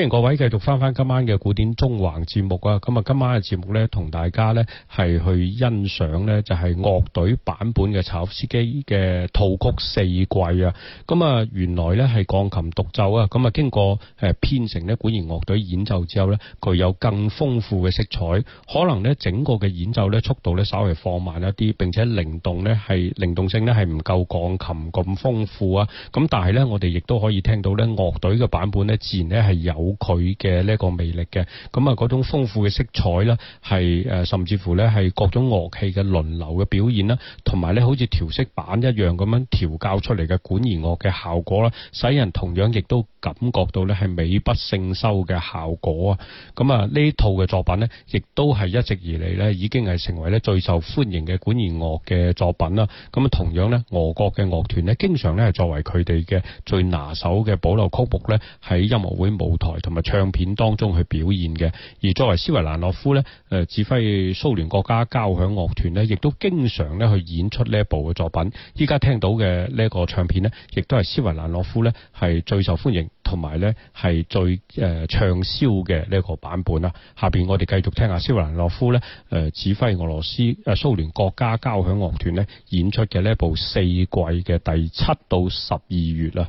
歡迎各位繼續翻翻今晚嘅古典中環節目啊！咁啊，今晚嘅節目咧，同大家咧係去欣賞咧，就係樂隊版本嘅柴可夫斯基嘅套曲四季啊！咁啊，原來咧係鋼琴獨奏啊，咁啊經過誒編成咧，管弦樂隊演奏之後咧，佢有更豐富嘅色彩。可能咧整個嘅演奏咧速度咧稍微放慢一啲，並且靈動咧係靈動性咧係唔夠鋼琴咁豐富啊！咁但係咧，我哋亦都可以聽到咧樂隊嘅版本咧，自然咧係有。佢嘅呢個魅力嘅，咁啊嗰種豐富嘅色彩啦，係誒甚至乎呢係各種樂器嘅輪流嘅表現啦，同埋呢好似調色板一樣咁樣調教出嚟嘅管弦樂嘅效果啦，使人同樣亦都感覺到呢係美不勝收嘅效果啊！咁啊呢套嘅作品呢，亦都係一直以嚟呢已經係成為呢最受歡迎嘅管弦樂嘅作品啦。咁啊同樣呢，俄國嘅樂團呢，經常呢係作為佢哋嘅最拿手嘅保留曲目呢，喺音樂會舞台。同埋唱片當中去表現嘅，而作為斯維蘭諾夫呢，誒、呃、指揮蘇聯國家交響樂團呢，亦都經常咧去演出呢一部嘅作品。依家聽到嘅呢個唱片呢，亦都係斯維蘭諾夫呢係最受歡迎同埋呢係最誒暢銷嘅呢個版本啦。下邊我哋繼續聽下斯維蘭諾夫呢，誒、呃、指揮俄羅斯誒蘇聯國家交響樂團呢演出嘅呢一部《四季》嘅第七到十二月啦。